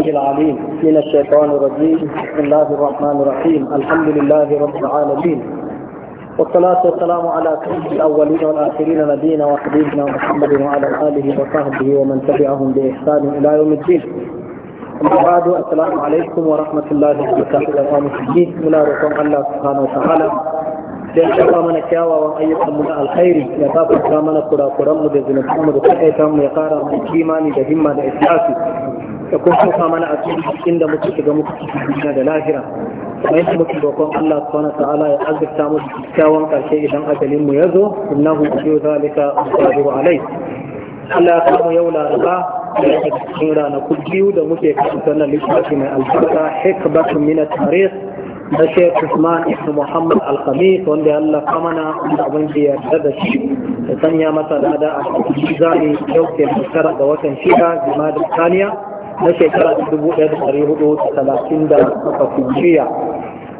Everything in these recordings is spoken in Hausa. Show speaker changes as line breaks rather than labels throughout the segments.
العليم من الشيطان الرجيم بسم الله الرحمن الرحيم الحمد لله رب العالمين والصلاة والسلام على سيد الأولين والآخرين نبينا وحبيبنا محمد وعلى آله وصحبه ومن تبعهم بإحسان إلى يوم الدين بعد السلام عليكم ورحمة الله وبركاته الأمام الدين من رسول الله سبحانه وتعالى sai shafa mana kyawawan ayyukan mu na alkhairi ya gafarta mana kurakuran mu da كرام da takaita mu ya da kun kuma mana a cikin da muka shiga muka cikin duniya da lahira mai da muka roƙon Allah subhanahu ta'ala ya azurta mu kyakkyawan karshe idan ajalin mu zo innahu yuzu zalika qadiru alai Allah ya kawo yau laraba da yake cikin ranaku biyu da muke kan wannan littafi mai albarka hikbatu min at-tarikh da Sheikh Usman ibn Muhammad Al-Khamis wanda Allah kamana da abin da ya da shi Ya sanya masa da a cikin zani yau ke shekara ga watan shida jima'a da na shekara dubu ɗaya da ɗari hudu da talatin da takwas jiya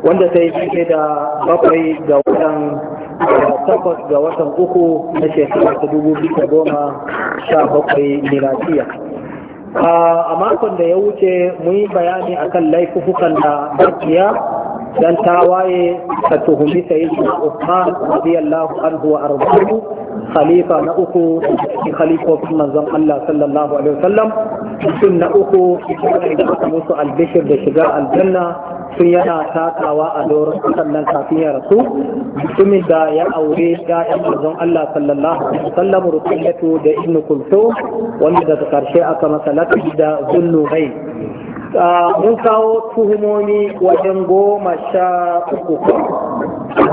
wanda ta yi fiye da bakwai ga watan takwas ga watan uku na shekara ta dubu biyu da goma sha bakwai jiya. a makon da ya wuce mun yi bayani akan laifukan da bakiya dan ta waye ka tuhumi sayyidina Uthman radiyallahu anhu wa ardahu khalifa na uku khalifofin manzon Allah sallallahu alaihi wasallam sun na uku da musu albishir da shigar aljanna sun yana takawa a doron sannan kafin ya rasu mutumin da ya aure ya'yan manzon Allah sallallahu alaihi wasallam rukunyatu da ibnu kulthum wanda daga karshe aka masa lakabi da zullu mun kawo tuhumomi wajen goma sha uku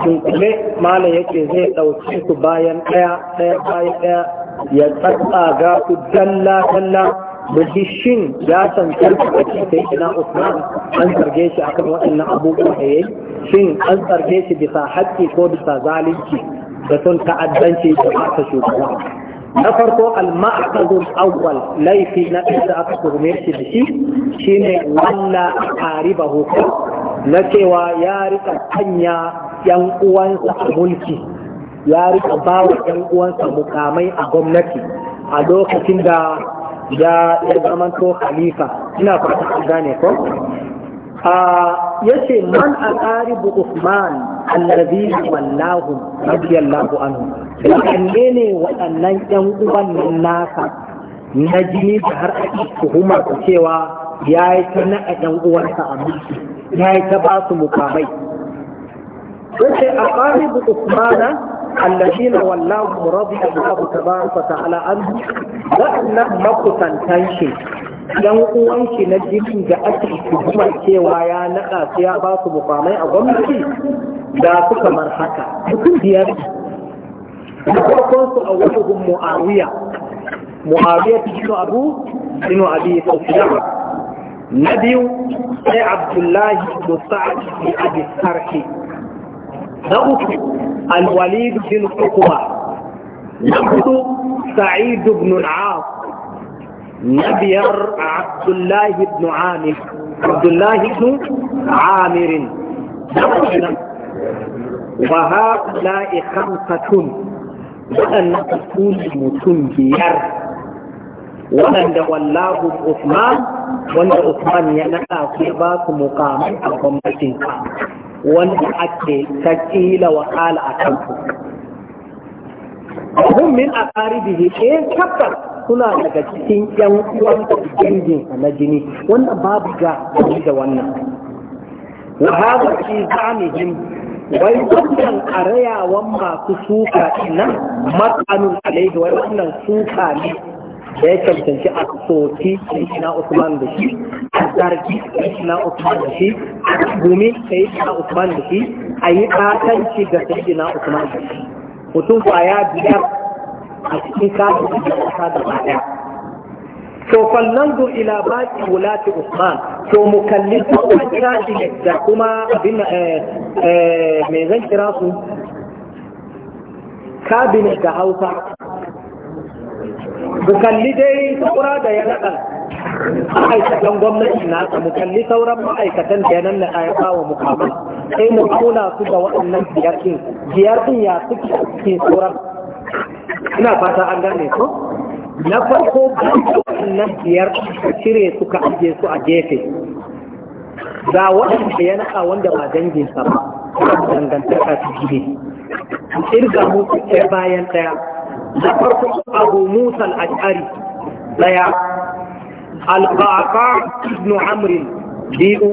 jinkule malam yake zai ɗauki su bayan ɗaya ɗaya bayan ɗaya ya tsatsaga su dalla dalla shin ya cancanta a cikin ina usman an shi akan waɗannan abubuwa da yayi shin an zarge shi bisa haƙƙi ko bisa zalunci da sun ta'addanci da ta shugaba na farko al-ma'qadul awwal laifi na da aka tuhume shi da shi shine walla qaribahu na cewa ya rika kanya yan uwansa a mulki ya rika bawa yan uwansa mukamai a gwamnati a lokacin da ya zamanto khalifa ina fata an gane ko yace man Usman al allazi wallahu radiyallahu anhu kanne ne waɗannan ƴan uban nan nasa na jini da har ake tuhuma ku cewa ya yi ta naɗa ɗan uwansa a mulki ya yi ta ba su mukamai yace aqaribu Uthman allazi wallahu radiyallahu tabaraka ta'ala anhu waɗannan makusantan shi yan uwanki na jini da ake kuma cewa ya naɗa su ya ba su mukamai a gwamnati da su kamar haka mutum biyar da farkon su a wajen mu'awiya mu'awiya ta jino abu jino abu ya sauki na biyu sai abdullahi musa'ad bin abi sarki na uku alwalid bin hukuma na hudu sa'id ibn al na biyar a abdullahi ibn amir abdullahi ibn amirin wa haɗula'i kamfatun waɗannan su mutum biyar waɗanda wallahu Usman wanda Usman ya naɗa su ya ba su mukamai a gwamnatin ka wanda ake ta ƙila wa ƙala a kansu. Ahun min a ƙaribihi ke tabbas suna daga cikin yan uwan dangin na jini wannan babu ga da wannan wa hada fi zamihim wai wannan arayawan masu suka ina, matsanin alaihi wai wannan suka ne da ya cancanci a soki na Usman da shi a zargi na Usman da shi a gumi yi na Usman da shi a yi katanci ga sai na Usman da shi mutum ya biyar a cikin kafin da kasa da ɗaya to fallanzu ila baki wulati usman to mu kalli kuma kira shi da kuma abin eh, eh, mai zan kira su kabinet da hausa mu kalli dai saura da ya naɗa ma'aikatan gwamnati nasa mu kalli sauran ma'aikatan da ya nan a ya kawo mukamai sai mu kula su da waɗannan biyar ɗin biyar ya suke cikin sauran ina fata an gane ko na farko wannan biyar cire suka ajiye su a gefe da waɗanda ya naɗa wanda ba sa ba dangantaka su gide irga musu ɗaya bayan ɗaya na farko abu musa al'ari ɗaya al-ba'aqa ibn amrin biyu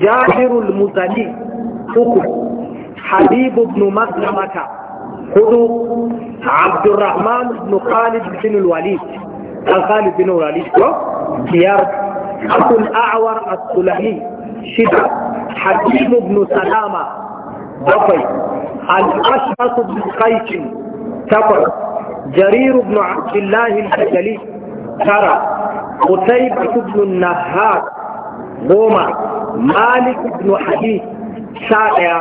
jabirul muzali uku habibu ibn maslamata خذوا عبد الرحمن بن خالد بن الوليد الخالد بن الوليد خيار أبو الأعور السلمي شدة حكيم بن سلامة بطي الأشرف بن قيس تقر جرير بن عبد الله البجلي ترى قتيبة بن النهار غوما مالك بن حديث شائع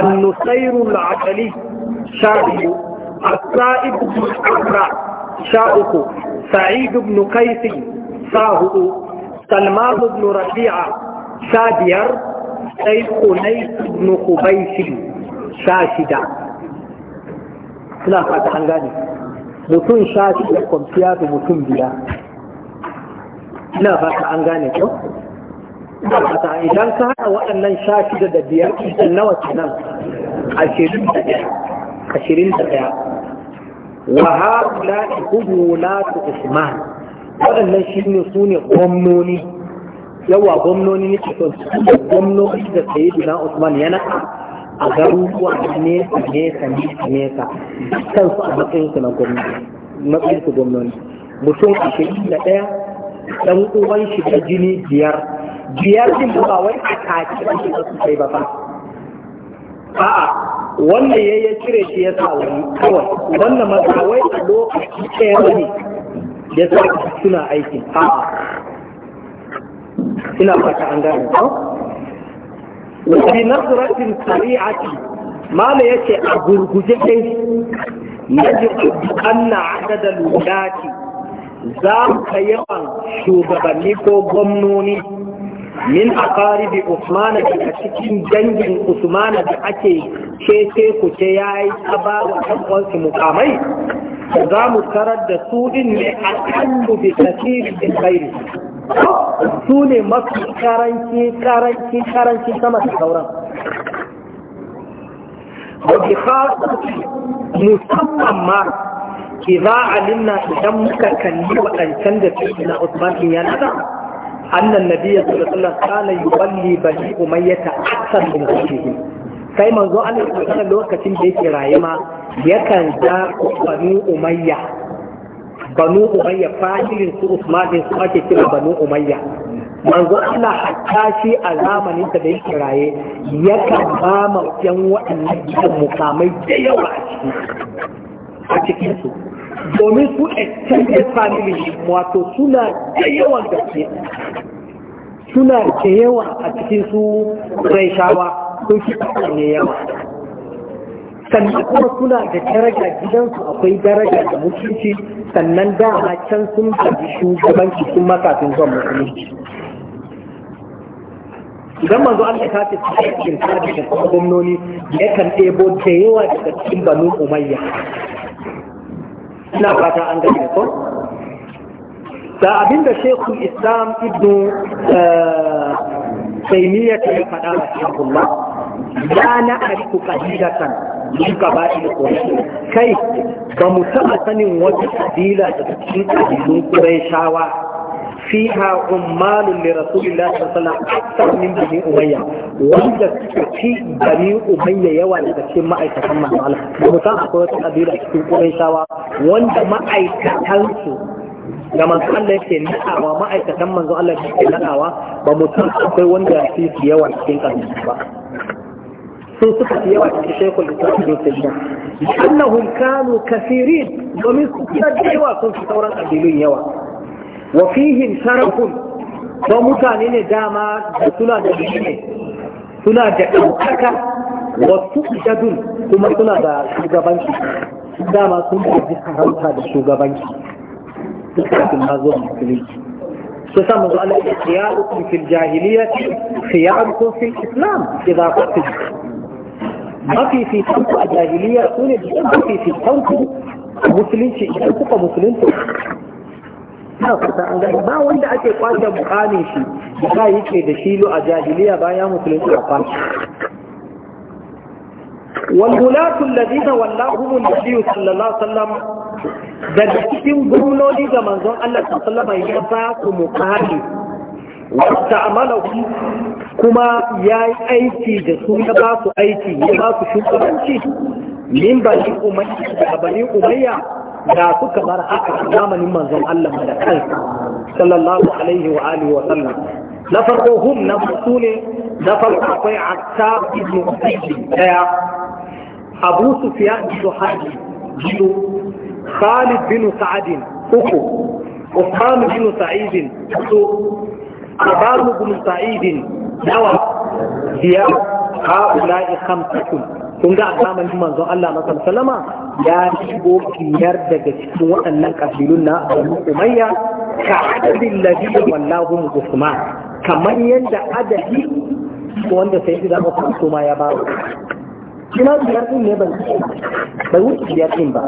النصير العجلي sha biyu asa'ib bin abra sha uku sa'id bin kaisi sha hudu salman bin rabi'a sha biyar sai kunai bin kubaisi sha shida suna fata an gane mutum sha shida kwamfiya da mutum biya ina fata an gane ko idan ka haɗa waɗannan sha shida da biyar nawa kenan ashirin da ɗaya ashirin da ɗaya wa na su usman waɗannan shi ne su ne gwamnoni yawa gwamnoni ne ke da gwamnoni da sayyidina usman yana a garuruwa nesa nesa nesa nesa su a matsayinsu na gwamnoni matsayinsu gwamnoni mutum ashirin da ɗaya ɗan uwan shi da jini biyar biyar din ba wai a kaci ba su kai ba ba a'a wannan ya cire shi ya sa wani kawai wannan matsawai a lokaci ɗaya wani ya sa suna aiki a'a ina fata an gane ko wani a sari'ati mala ya ce a gurguje dai yaji na adada lulati za ka yawan shugabanni ko gwamnoni min aqaribi usmana daga cikin dangin usmana da ake ce ku ce yayi aba da kanwansu mukamai za mu tarar da su din ne aqallu bi kathir min ghairi su ne mafi karanci karanci karanci sama da sauran wa bi musamman ma a علمنا idan muka kalli waɗancan da كان na Usman عثمان إيانا annan nabiyya sallallahu alaihi wasallam kana yuballi bani umayyata akthar min kullihi kai manzo Allah sallallahu lokacin da yake rayuwa yakan da bani umayya banu umayya fahirin su usmanin su ake kira banu umayya manzo Allah hatta shi a zamanin da yake raye yakan ba ma yan waɗannan gidan mukamai da yawa a ciki domin su extended family wato suna da yawan gaske suna da yawa a cikin su shawa sun fi ne yawa sannan kuma suna da daraja gidansu akwai daraja da mutunci sannan da a can sun gaji shugabanci sun makafin zuwa musulunci idan manzo Allah ta ce cikin da gwamnoni kan ɗebo da yawa daga cikin banu umayya ina fata an gane ko da abinda shekul islam ibnu eh, taimiyya ta yi faɗa a cikin la na ariku kabiratan min qaba'il quraish kai ba mu taɓa sanin wata kabila da cikin kabilun shawa. fiha ummalun li rasulillahi sallallahu alaihi wasallam akthar min bani umayya wanda suka fi bani umayya yawa daga cikin ma'aikatan manzo Allah mutan akwai wanda ma'aikatan su da masu Allah yake naɗawa, ma'aikatan manzo Allah yake naɗawa, ba mutum akwai wanda ya fi yawa cikin kabila ba sun suka fi yawa cikin shekul islam bin tajiya annahum kanu kafirin domin su da yawa sun fi sauran kabilun yawa wa fihim sharafun to mutane ne dama da suna da ne suna da ɗaukaka wa sujadun kuma suna da shugabanci dama sun da ji haramta da shugabanci duk kafin ma zuwa musulunci su sa mazu ala khiyarukum fil jahiliyyati khiyarukum fil islam idza qatil mafi fi tanku a jahiliya su ne mafi fi tanku musulunci idan kuka musulunci na kusa an gani ba wanda ake kwace mukamin shi da yake da shilo a jahiliya bayan musulunci a kwace والولاة الذين ولاهم النبي صلى الله عليه وسلم daga cikin gwamnoni da manzon Allah sallama ya ba ku mukami wata amala kuma ya yi aiki da su ya ba su aiki ya ba su shugabanci min ba bani umayya da bani umayya da suka bar haka a zamanin manzon Allah da kansa sallallahu alaihi wa alihi wa sallam na farko hum na su ne na farko akwai Attab ibn Usayd daya Abu Sufyan ibn Hadi biyu Khalid bin Sa'ad uku Usman bin Sa'id su Abu bin Sa'id nawa biyar ha'ula'i khamsatun kun ga alaman manzon Allah na sallama ya shigo biyar daga cikin waɗannan kabilun na Banu Umayya ka adadin ladhi wallahu Usman kamar yadda adadi wanda sai da ba su ma ya ba kina biyar din ne ban Bai wuce biyar din ba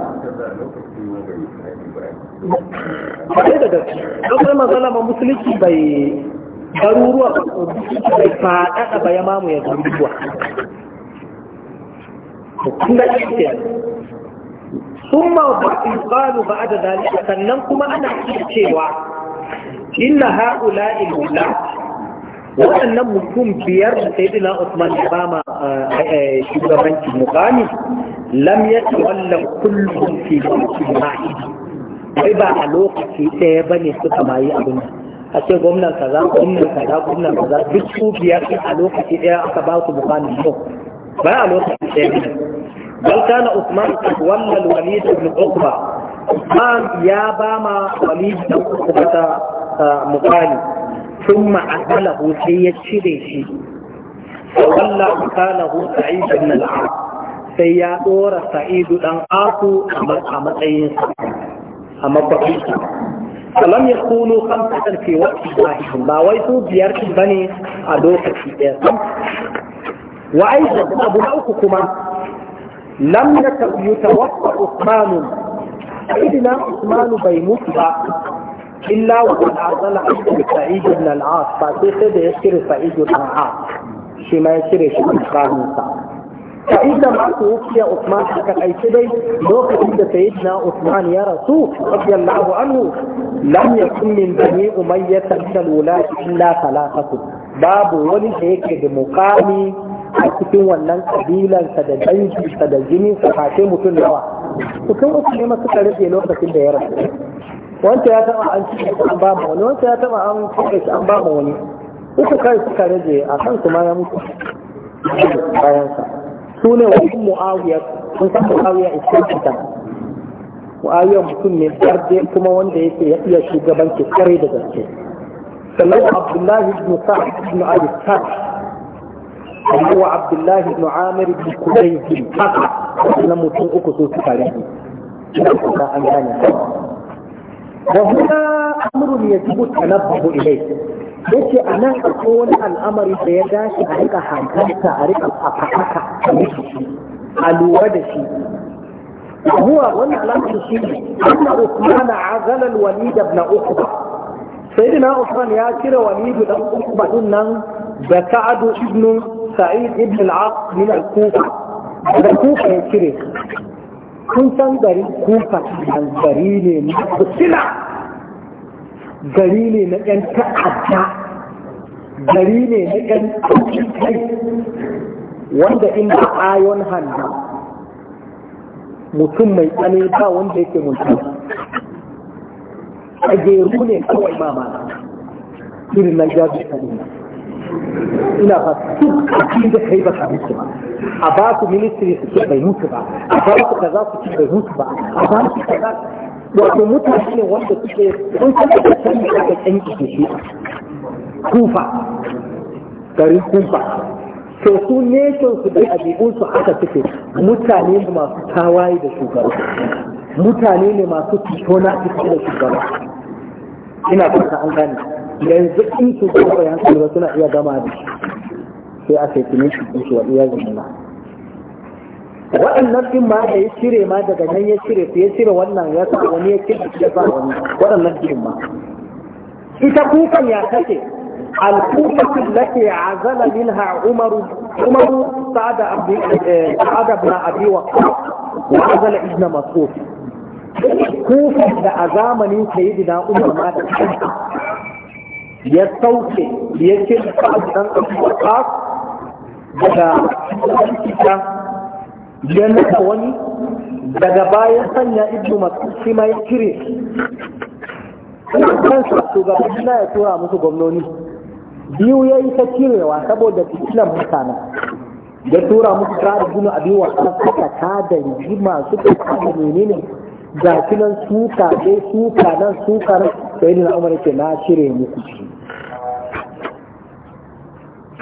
Sai da gaske, ɗaukar mazala ma musulunci bai garuruwa bai faɗaɗa ba ya mamu ya garuruwa. kun ga shi ثم يقال بعد ذلك سننكم أنا cewa إن هؤلاء الولاة waɗannan mutum biyar da sai dina Usman ya ba ma eh, eh, shugabanci mukami lam ya wannan kullum fi mulkin ma'id wai ba a lokaci ɗaya ba ne suka mayi abin a ce gwamnan kaza gwamnan kaza gwamnan kaza duk su biyar a lokaci ɗaya aka ba su mukami yau ba a lokacin ɗaya ne bal kana usman walla walid ibn uqba usman ya ba ma walid ibn uqba ta mukani thumma akalahu sai ya cire shi walla mukanahu sa'id ibn al-arab sai ya dora sa'id dan aku a matsayin sa a mafakin sa فلم يكونوا خمسة في وقت واحد ما ويسو بيارك بني a في إيران wa aidan abu na uku kuma lam yutawaffa Usman sayyidina Usman bai mutu ba illa wa qad azala ibn Sa'id ibn al-As fa sai da ya kire Sa'id ibn al-As shi ma ya kire shi tsakanin sa fa inda ma ku ya Usman aka aiki dai lokacin da sayyidina Usman ya rasu radiyallahu anhu lam yakun min bani umayyah min al-wulati illa thalathatu babu wani da yake da muqami a cikin wannan kabilansa da danginsa da jininsa kashe mutum nawa mutum uku ne masu karfe lokacin da ya rasu wanda ya taba an ci an ba wani wanda ya taba an kuka shi an ba ma wani uku kai suka rage a kan su ma ya mutu bayansa su ne wasu mu'awiyar sun san mu'awiya iskanta mu'awiya mutum ne tsarje kuma wanda yake ya iya shugabanci kare da gaske sannan abdullahi ibn sa'ad ibn abi هو عبد الله بن عامر بن كليه حقا أنا متون أكسو سفاره أن كان وهنا أمر يجب التنبه إليه yace a nan wani al'amari da ya dace a rika hankalta a rika fakaka a lura da shi huwa wannan al'amari shi ne anna usman azala al-walid ibn uqba sayyidina usman ya kira walid dan uqba din nan da ibn sa'id ibn al-as min al-kufa da kufa ya cire kun san gari kufa gari ne na kusila gari ne na yan ta'adda gari ne na wanda ayon mutum mai tsani ba wanda yake mutum a geru ne kawai mamana irin na jabi kaduna ina ba duk abin da kai ba ka mutu ba a ba ku ministry su ce bai mutu ba a ba ku kaza su ce bai mutu ba a ba ku kaza wato mutane ne wanda suke sun san da kan da aka canji da shi kufa garin kufa to su nation su da ɗabi'un su haka suke mutane ne masu tawaye da shugaba mutane ne masu fito na fito da shugaba ina fata an gane yanzu in su ko suna iya gama da shi sai a sai kinin shi shi wa iya zama waɗannan din ma da ya cire ma daga nan ya cire ya cire wannan ya sa wani ya cire ya sa wani waɗannan din ma ita kukan ya take الكوفة التي عزل منها عمر عمر سعد أبي سعد بن أبي وقاص umar ma da ya sauke ya ce ka'ab dan abu ka'ab
daga kita
ya nada wani daga bayan sanya ibu masu shima ya kire cire su ga na ya tura musu gwamnoni biyu ya yi ta cirewa saboda fitilan mutane ya tura musu tsari gino a biyu wasu suka tada rigima suka tada menene ga kinan nan suka dai suka nan suka nan sai ni na umar ke na cire muku shi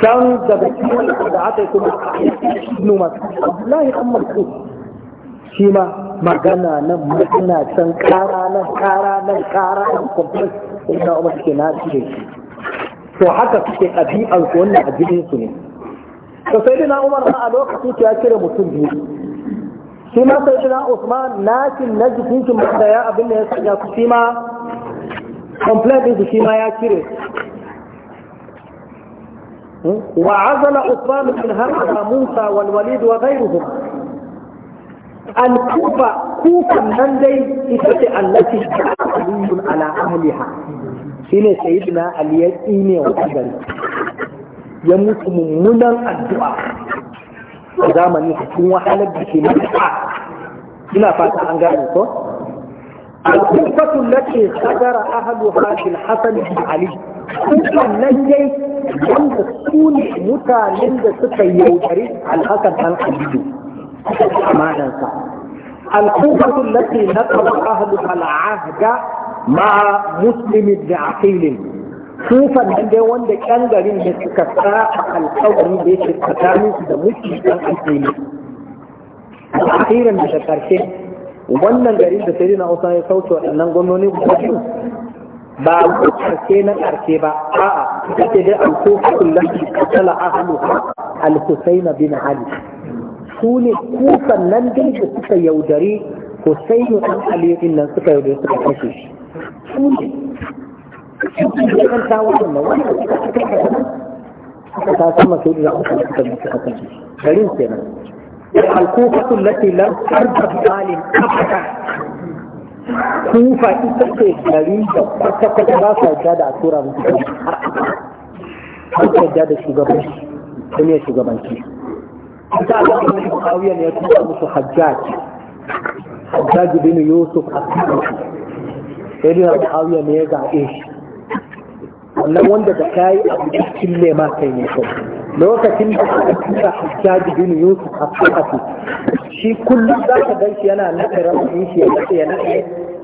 can daga cikin da aka yi kuma ibnu mas'ud Abdullahi dan Mas'ud shi ma magana nan magana can kara nan kara nan kara nan kwamfan inda umar ke na cire shi to haka suke ɗabi'an su wannan a jinin su ne to sai dina umar a lokacin ya kire mutum biyu shi ma sai dina usman na shi na jikin shi da ya abin da ya sanya su shi ma complaint din shi ma ya kire. وعزل عثمان بن هرقل موسى والوليد وغيرهم الكوفة كوفة من دي التي علي على أهلها شنو سيدنا علي إيمي وقدر يموت منى الدعاء زمني حكيم وحالة بكلمة الدعاء fata فاتح gane ko al-kufatu allati sadara ahluha bil hasan lallai wanda su ne mutanen da suka yaudari alhakan an abidu amanansa al-kufatu allati naqaba ahlu al-ahda ma muslimin da aqilin kufan nan dai wanda kyan garin da suka saba alkawari da yake tsakanin su da mutum dan aqili akhiran da ta ƙarshe, wannan garin da sai na usa ya sauke waɗannan gwamnoni guda biyu ba karshe na karshe ba a'a kace dai an ko kullum kala ahlu al-husayn bin ali su ne kufan nan dai da suka yaudari husayn dan ali din nan suka yaudari suka kashe shi su ne ta wannan wannan ta sama sai da suka kashe garin kenan الكوفة التي لم ترجع بآل أبدا kufa ita ce gari da kwata-kwata ba sa yadda da a tura musu kan har ba yadda da shugabanci duniyar shugabanci ita a kan wani bukawiyar ya tuka musu hajjaji, hajjaji bin yusuf a cikin sai dai bukawiyar ne ya zaɓe shi wannan wanda da kayi abu da kille ma kai ne kai lokacin da aka tura hajjaji bin yusuf a kafafi shi kullum za ka gan shi yana nake ramin shi ya nake ya nake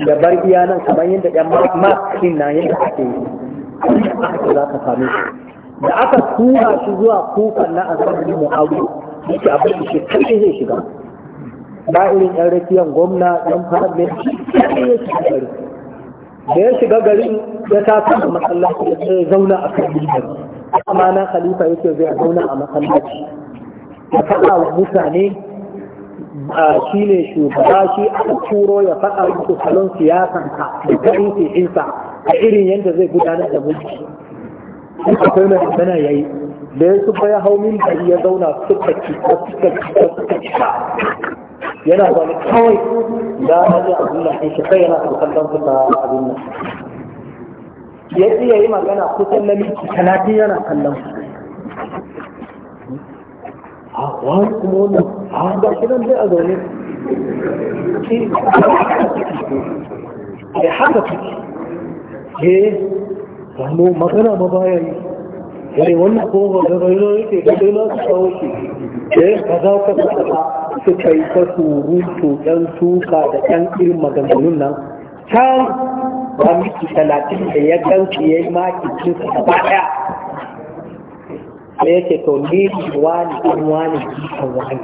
ya bar iya nan kamar yadda yan makin na yadda ake yi haka za ka same shi da aka tura shi zuwa kukan na azabi mu'awiyu yake abin da shi kai zai shiga ba irin yan rakiyan gwamna yan fadin shi kai zai shiga da ya shiga garin ya tafi a masallaci da ya zauna a kan gidan amma na khalifa yake zai zauna a masallaci ya faɗa wa mutane shi ne shugaba shi aka turo ya faɗa musu salon siyasan ka da garin sihinsa a irin yadda zai gudanar da mulki ka kai mai magana ya yi da ya su ya hau min ya zauna suka ci suka ci suka ci yana zaune kawai da hajji abdullah ɗin shi kai yana kallon kusa abin nan ya iya yi magana kusan na miki talatin yana kallon a wani kuma wannan a ga shi nan zai a zaune ya eh, haka kuke ke eh, zano magana ma baya yi eh wannan ko ba da raino yake da raino su kawo shi eh ka za ka saka su kai ta surutu dan tuka da dan irin maganganun nan can ba miki talatin da ya ganci ya yi makicin su gaba ɗaya sai yake to ni wani ɗan wani kisan wani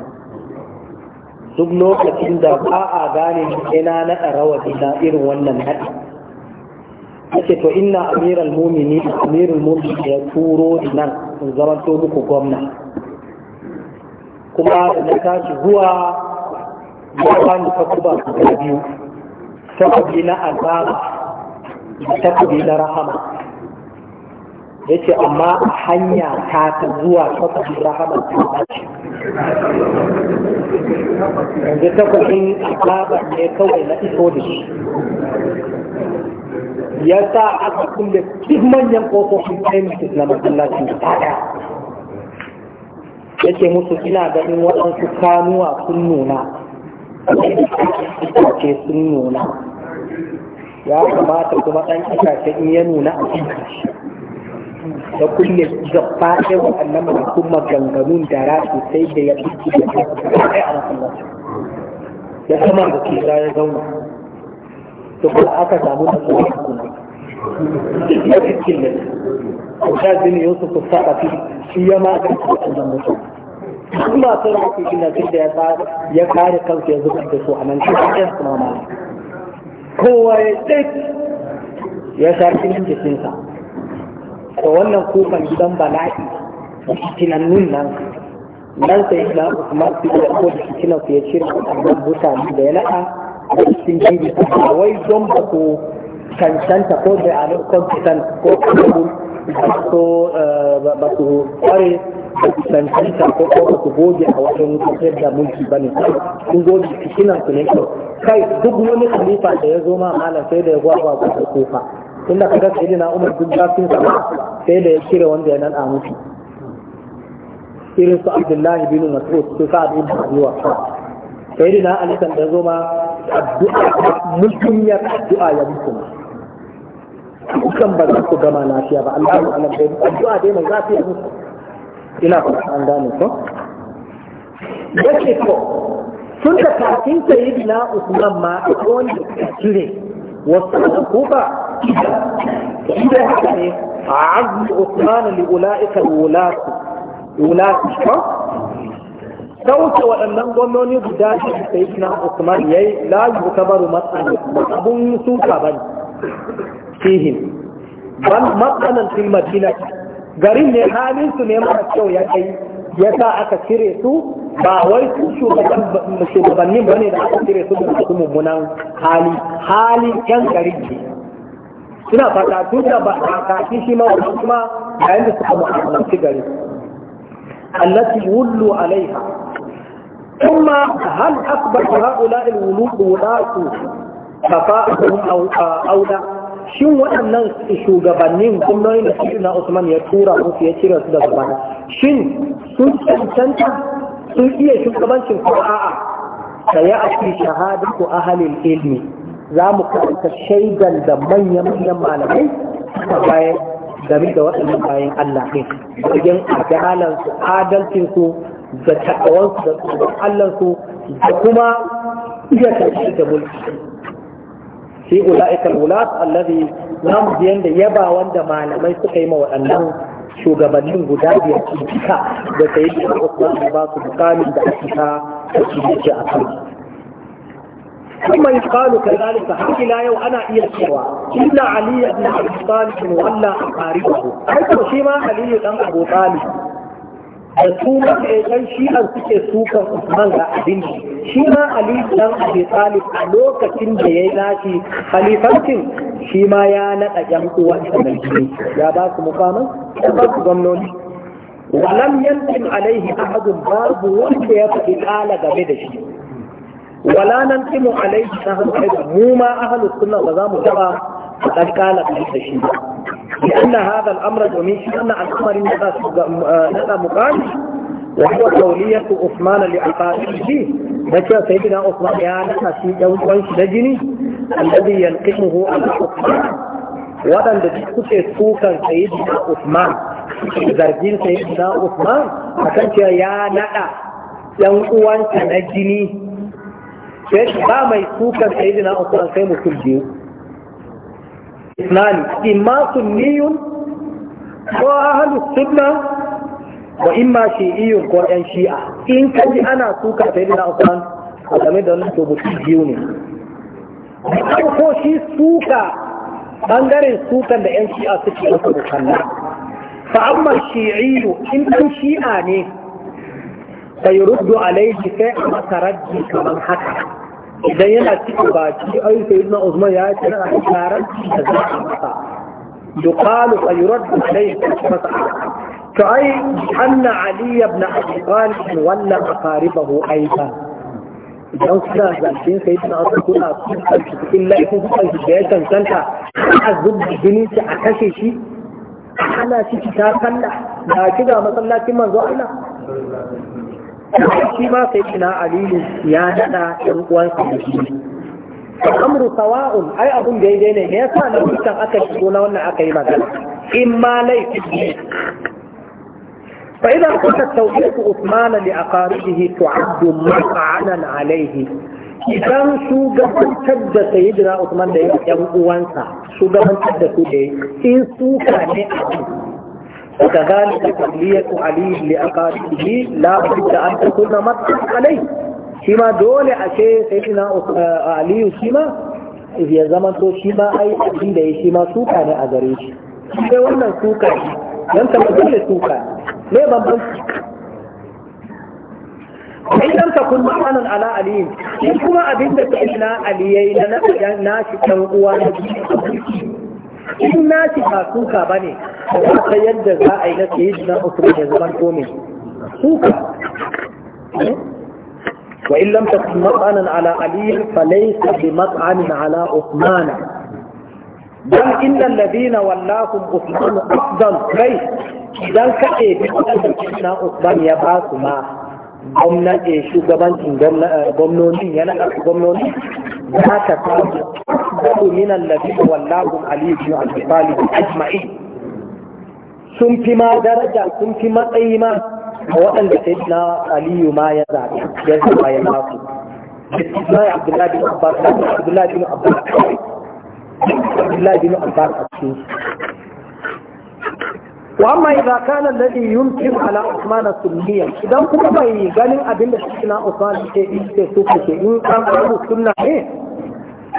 duk lokacin da ba a gane ina na ɗarawa na irin wannan haɗi ake to inna amiral mumini amirul mumini ya turo nan in zama to muku gwamna kuma da tashi zuwa ya bani takuba da biyu takubi na azaba da takubi na rahama ya ce amma a hanya ta ta zuwa takubi rahama ta bace yanzu ta takubin azaba ne kawai na iso da shi ya sa aka kulle duk manyan ƙofofin premises na masallacin da ɗaya ya ce musu ina ganin waɗansu kanuwa sun nuna sun nuna ya kamata kuma ɗan itace in ya nuna a cikin shi da kulle gaba ɗaya waɗannan masu maganganun da rasu sai da ya fi da ya fi a masallacin ya kama da da ya zauna to kuma aka samu da kuma ya cikin ne Usha bin Yusuf Sa'afi shi ya ma kan wannan mutum kuma sai da cikin da ya ya ya kare kansa ya zuba da su a nan cikin kuma ma kowa ya tsik ya sarki nan cikin sa to wannan kofan gidan bala'i tinannun nan nan sai da Usman bin Affan cikin sa ya cire kan mutane da ya naɗa. da cikin gidi ku cancanta ko da a competent ko kuma so ba su kware ko ko ba su goge a wajen tafiyar da mulki ba ne sun goge cikinan su ne kai duk wani khalifa da ya ma malam sai da ya gwagwa ba su kofa inda kaga sai na umar duk zafin sa sai da ya wanda ya a mutu irin su abdullahi bin mas'ud su sa'ad ibn abi waqqas sai na alisan da zo ma addu'a mutumiyar addu'a ya mutu ma kukan ba za ku gama lafiya ba Allah ya alam dai addu'a dai mai zafi mutu ina ku an gane ko yake ko tun da kafin sayyidina Usman ma ko wanda cire wasu kuka idan haka ne a azmi Usman li ula'ika wulatu ko dauke waɗannan gwamnoni guda shi da yi na Usman ya yi layu kabaru baro abun suka bane fihim ban matsalan fil madina garin ne halin su ne mara kyau ya kai ya sa aka cire su ba wai su ba ne da aka cire su da su mummunan hali hali yan garin ne suna fata tun da ba a kaki shi ma kuma yayin da suka mu'amalanci gari التي ولوا عليها ثم هل أثبت هؤلاء الولود ولاة كفاءتهم أو أو لا shin waɗannan shugabannin gwamnonin da shi na Usman ya tura musu ya cire su da bana shin sun cancanta sun iya shugabancin ko a'a da ya ake shahadatu ahalil ilmi za mu karanta shaidan da manyan manyan malamai a bayan Gari da waɗannan bayan Allah ɗin wajen adalansu adalcinsu da ta'awansu da tsoron Allahnsu da kuma
iya tafi
da mulki sai ula ulat allazi namu biyan da yaba wanda malamai suka yi ma waɗannan shugabannin guda biyar cika da sayi da Usman ba su bukamin da aka ta a kan ثم يقال كذلك حق لا يو أنا إيه الشوى إلا علي بن أبي طالب ولا أقاربه حتى شيما علي بن أبو طالب da su matsaikan shi'an suke sukan Usman ga abinci. shi ma Ali dan Abi Talib a lokacin da ya yi nashi khalifancin shi ma ya naɗa ƴan uwansa mai jini ya ba su mukamin ya ba su gwamnoni walam yankin alaihi ahadun babu wanda ya faɗi ƙala game da shi wala nan imu alaihi ta hannu aida mu ma ahalu sunna ba za mu taba kaɗan kala biyu da shi ba. Bi an na haɗa al'amura domin shi wannan al'amari na ɗa muƙami da kuma Ali Alfaɗi na cewa sai gina Usman ya nana shi ɗan uwan shi na jini alladhi yanqimuhu al-Usman wadanda duk kuke kukan sayyidina Usman zargin sayyidina Usman akan cewa ya naɗa ɗan uwan na jini sai ba mai kukan sayyidina Usman sai mutum biyu isnani imma sunniyun ko ahlus sunna wa imma shi'iyyun ko yan shi'a in kaji ana kukan sayyidina Usman a game da wannan to biyu ne ko shi suka bangaren sukan da yan shi'a suke masa mukalla fa amma shi'iyyu in dan shi'a ne sai ruddu alaihi sai a masa raddi kamar haka idan yana cikin baki ai sai ibn Usman ya ce a tarar da za a masa yuqalu sai ruddu alaihi masa to ai anna ali ibn abi talib walla aqaribahu aidan idan suna zargin sai ibn Usman kuna cikin laifin shi da ya cancanta a zubda jini a kashe shi ana ciki ta sallah na kiga masallacin manzo Allah shi ma sai kina alilu ya daɗa ɗan uwansa da shi amru sawa'un ai abun daidai ne me yasa na mutan aka shigo na wannan aka yi magana in ma laifi fa idan kuka tawfiqu usman li aqaribihi tu'addu maq'anan alayhi idan shugabantar da sayyidina usman da yan uwansa shugabantar da su da in
suka ne a
وكذلك تولية علي لأقاربه لا بد أن تكون مطلق عليه شما دولة أشياء سيدنا علي شما في زمن تو shi ma ai abin da ya shi ma suka ne a gare shi sai wannan suka ne ta dole suka ne me bambam in lam takun ma'anan ala aliyin shi kuma abin da ta ina aliyai na na shi kan uwa ne in na shi ba suka ba ne ba ta yadda za a yi na sayi na usman ya zama komi suka wa in lam takun mat'anan ala ali fa laysa bi mat'anin ala usman dan inna alladhina wallahum usman afdal kai dan kace bi na usman ya ba su ma gwamnati shugabancin eh, gwamnoni yana ɗarfi gwamnoni za ta samu zaɓu minan lafi wallahun aliyu biyu al da ajma'i sun fi ma daraja sun fi matsayi ma a waɗanda sai na aliyu ma ya zaɓi ya zaɓa ya nasu da Abdullahi bin Abbas Abdullahi bin Abbas Abdullahi bin Abbas a cikin وأما إذا كان الذي يمكن على عثمان سنيا إذا كنت بي قالين أبن الشيخنا عثمان شيء سوف شيء إن كان له سنة إيه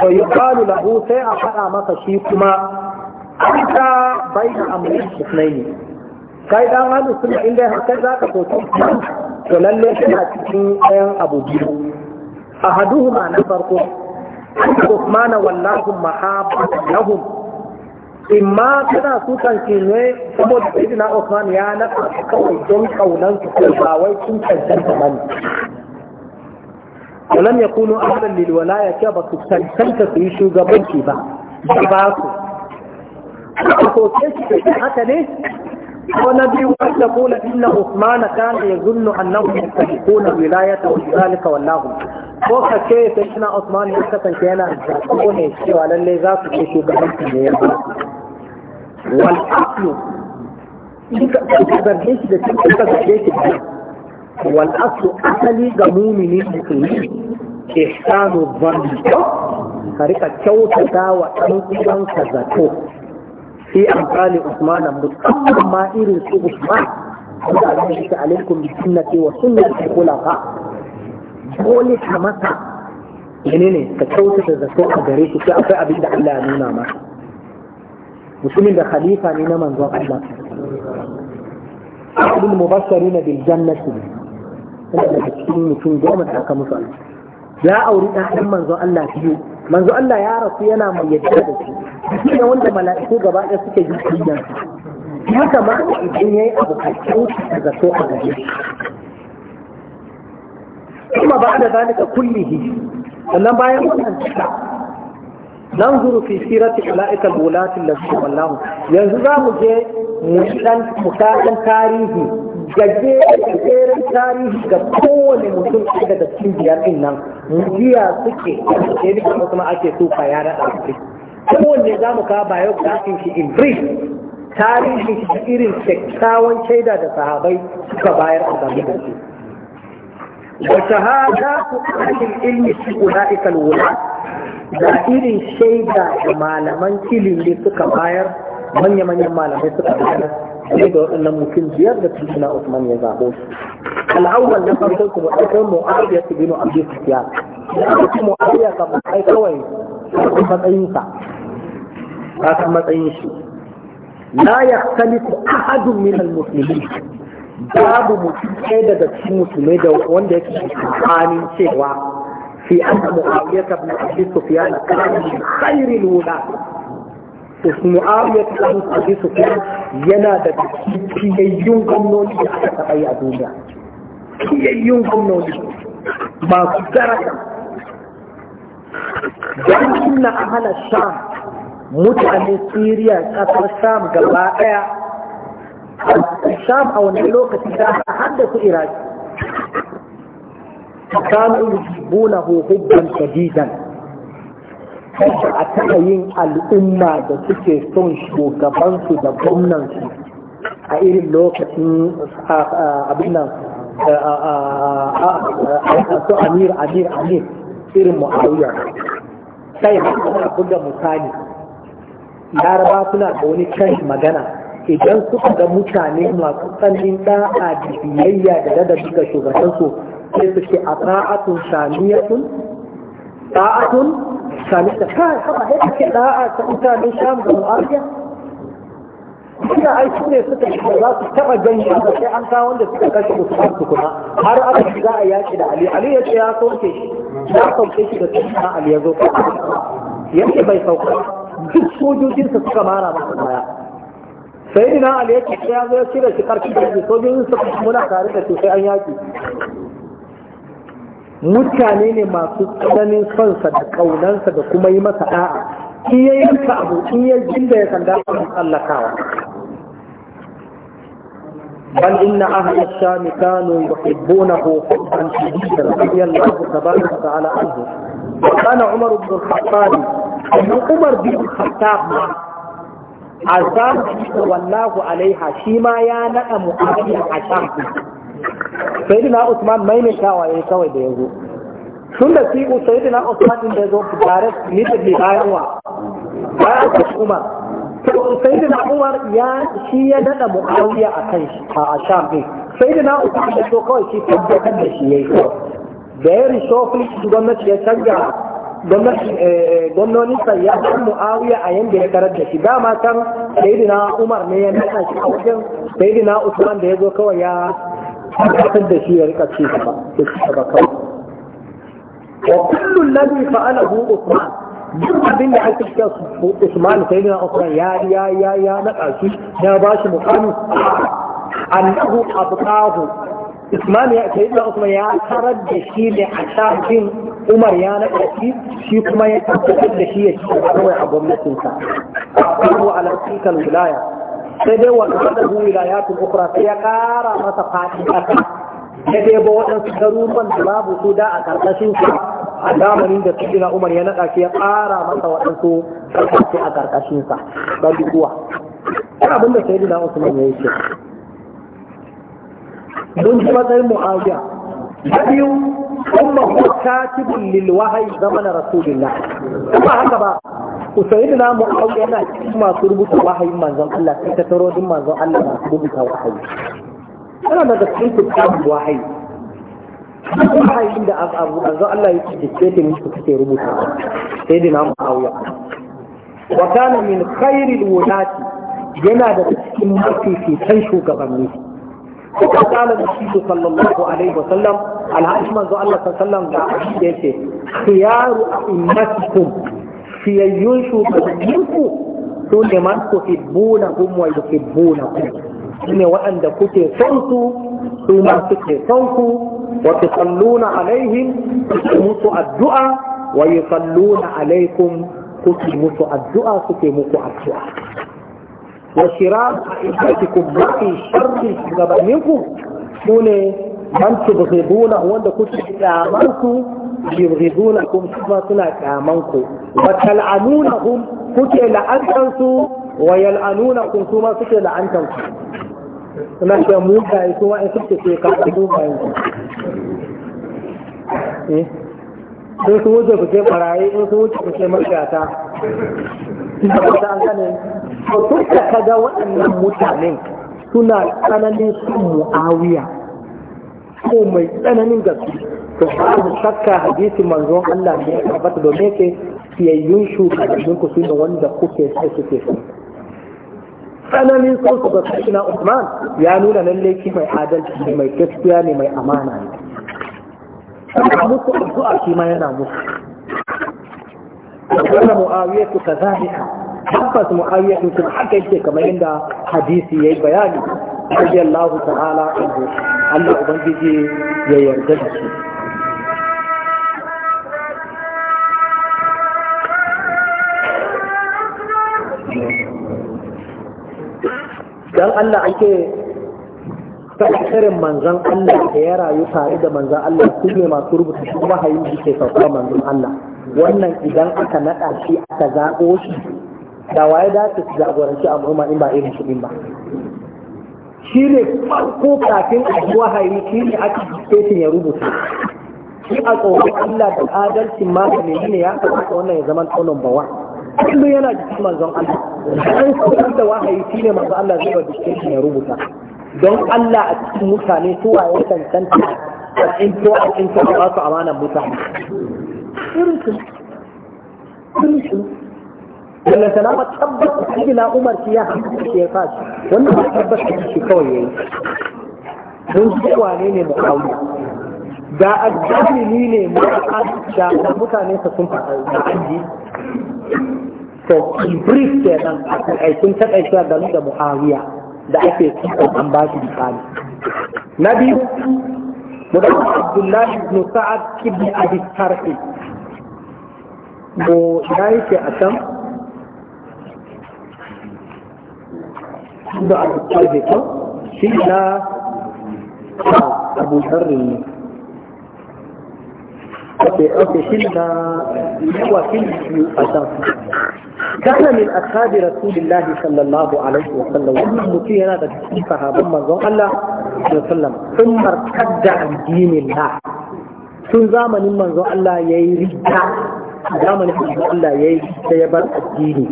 ويقال
له سيأخذ ما شيكما أنت بين أمرين اثنين kai dan hadu suna inda har kai zaka so to lalle kana cikin ɗayan abu biyu ahaduhuma na farko Uthman wallahu mahabbatan lahum imma kana su ne saboda sai na Osman ya naka kawai don kaunan su ba wai sun cancanta ba ne ولم يكونوا أهلا للولاية ba su cancanta su yi shugabanci ba ba su ko sai haka ne ونبي أن تقول عثمان كان يظن أنهم يستحقون الولاية وذلك والله ko ka ce sai na Osman ya kasance yana da ko ne cewa lalle za su ce su ne ya wal aslu duka zarge shi da cikin ka zarge shi wal aslu asali ga mumini musulmi ihsanu dhanni ka rika kyautata wa ɗan uwanka zato fi amfani Osman musamman ma irin su Osman, Allah ya alaikum bi sunnati wa sunnati khulafa dole ka masa menene ka kyautata zato a gare shi sai akwai abin da Allah ya nuna ma mutumin da khalifa ne na manzon Allah abin mubashari na bil jannati yana da cikin mutum goma da aka musu ya auri ɗan manzon Allah biyu manzon Allah ya rasu yana mai yadda da shi shi ne wanda mala'iku gaba ɗaya suke jin kunya ya kamata idan yayi abu ka kyautata zato a gare shi kuma ba da zalika kullihi sannan bayan wannan cika nanzuru fi sirati ulaika alwulati allati wallahu yanzu za mu je mu dan mutakan tarihi gaje tseren tarihi ga kowane mutum daga cikin biyar din nan mujiya suke da ne kuma ake tufa ya rada kowanne za mu kawo biography in brief tarihi shi irin kyakkyawan shaida da sahabai suka bayar a zamanin
وشهادة لكن إني
أولئك الولاة دائري شيدا مال من كل اللي سكباير من يمن يمال من سكباير إذا أن ممكن زيادة سيدنا عثمان يزعبوش الأول نفر سلك مؤسسة مؤسسة بن عبد السيار لأنك مؤسسة طبعا أي كوين فقط أنت فقط لا يختلف أحد من المسلمين babu mutum ɗaya daga cikin musulmai da wanda yake tsanin cewa fi an da mu'awiyar ta bin abi sufyan kana min khairil wula mu'awiyar ta bin abi sufyan yana da kiyayyun gwamnoni da aka taɓa yi a duniya kiyayyun gwamnoni masu daraja don suna a hana sham mutane siriya ƙasar sham gaba ɗaya sham a wani lokaci ta haddasa iraki kanu yuhibbunahu hubban shadidan a taɓa yin al'umma da suke son shugabansu da gwamnansu a irin lokacin abin nan su amir amir amir irin mu'awiyar sai haka buga misali laraba suna da wani canji magana idan suka ga mutane masu tsallin da'a da biyayya da ladabi shugaban su sai su ce a ta'atun shamiyatun ta'atun shamiyatun kai haka sai ka ce da'a ta mutane sham da mu'afiya suna ai ne suka shiga za su taɓa gani da sai an kawo wanda suka kashe musulman su kuma har aka shiga a yaki da ali ali ya ce ya sauke shi ya sauke shi da tsohon ali ya zo yake bai sauka duk sojojinsa suka mara masa baya sai dina ali yake sai ya zo shi karfi da shi sojojin su muna tare da shi sai an yaki mutane ne masu tsananin sonsa da kaunansa da kuma yi masa da'a in ya yanka abu in ya jinda ya sanda a tsallakawa بل إن أهل الشام كانوا يحبونه حبا شديدا رضي الله تبارك وتعالى عنه وكان عمر بن الخطاب عمر بن الخطاب a wallahu alaiha shi ma ya naɗa mu'amala a can sai dina usman maimaitawa ya kawai da ya zo tun da fi sai dina usman din da ya zo tare immediately bayan wa bayan aka umar to sai dina umar ya shi ya naɗa mu'amala a kan shi a sham din sai dina usman da so kawai shi tabbatar da shi ya yi da ya rishofi gwamnati ya canja gwamnoninsa ya san mu'awiya a yanda ya karar da shi dama kan sayidina umar ne ya nasa shi a wajen sayidina usman da ya zo kawai ya tabbatar da shi ya rika ci gaba ba kawai wa kullun ladhi fa'alahu usman duk abin da aka ce usman sayidina usman ya ya ya ya naka shi ya ba shi mukamin annahu abqahu usman ya sayidina usman ya karar da shi ne a shafin umar ya naɗa shi shi kuma ya tabbatar da shi ya ci kawai a gwamnatinsa a alaƙiƙar wilaya sai dai wanda ta wilaya tun ukura sai ya ƙara masa faɗin ƙasa sai dai ba waɗansu garuruwan da babu su da a ƙarƙashin shi a zamanin da su ina umar ya naɗa shi ya ƙara masa waɗansu ƙarƙashi a ƙarƙashin sa ba dukuwa abin da sai dina usman ya yi ce don ji matsayin mu'awiya na biyu kuma huwa katibun lil wahayi zamanin rasulillah kuma haka ba na mu'awiya yana cikin masu rubuta wahayin manzon Allah sai ta taro din manzon Allah masu rubuta wahayi yana daga cikin kitabun wahayi wahayin da abu manzon Allah ya ce ke ne su kake rubuta sai da na mu'awiya wa kana min khairil wulati yana da cikin mafificin shugabanni وقال النبي صلى الله عليه وسلم على عائشة من صلى الله عليه وسلم يأتي خيار أئمتكم في ينشر تدينكم سنة من تحبونهم ويحبونكم سنة وأن كتير صوتوا ثم كتير صوتوا وتصلون عليهم تسمسوا الدعاء ويصلون عليكم كتير الدعاء كتير الدعاء وشراب أئمتكم بقي شر منكم سنة من تبغضونه وأنت كنت تعملكم يبغضونكم ثم سنة تعملكم وتلعنونهم كنت لأنتم ويلعنونكم ثم سنة لأنتم
سنة
ce mu ga su wa'in suke ce ka su ga yanzu eh sai su wuce ku ce barayi in su wuce ku ce margata ina ba ta an to tun da ka ga waɗannan mutanen suna tsananin sun mu'awiya ko mai tsananin gaske to babu shakka hadisi manzon Allah ne ya tabbata me ke siyayyun shugabannin ku da wanda kuke sai suke so tsananin sun su ga sayyidina Usman ya nuna lalle ki mai adalci ne mai gaskiya ne mai amana ne kuma muku addu'a shi ma yana muku wannan mu'awiyatu ka tabbas mu'ayyar mutum haka yake kamar yadda hadisi ya yi bayani sai Allah ta'ala inda Allah ubangiji ya yarda da shi dan Allah ake tsakirin manzan Allah da ya rayu tare da manzan Allah su ne masu rubuta shi wahayin da ke sauka manzan Allah wannan idan aka naɗa shi aka zaɓo shi da waye da ta jagoranci al'umma in ba irin shi ba shi ne farko kafin a wahayi shi ne ake dictation ya rubuta shi a tsoron Allah da adalcin magani ne ya kamata wannan ya zama tsonon bawa kullum yana jikin manzon Allah an saukar da wahayi shi ne manzon Allah zai wa dictation ya rubuta don Allah a cikin mutane su waye cancanta a tsinto a tsinto a ba su amana mutane irin su irin su wannan salama tabbas sayyidina Umar shi ya hankali shi ya fashi wannan ba tabbas shi kawai yayi mun ji wane ne mu'awiya da addini ne mu'awiya da mutane sa sun faɗa to ibris ke nan a takaitin takaita game da muhawiya da ake cikin an ba shi misali na biyu mutum abdullahi ibn sa'ad ibn abi tarhi ko ina yake a can da aka kwaje kan shi na abu sharri ne ok ok shi na yawa shi biyu a can كان من a رسول الله Sallallahu Alaihi عليه وسلم mutum yana da صحابة من الله صلى الله عليه وسلم sun ارتد عن tun zamanin manzon Allah ya yi rita zamanin manzo Allah ya yi ta ya bar addini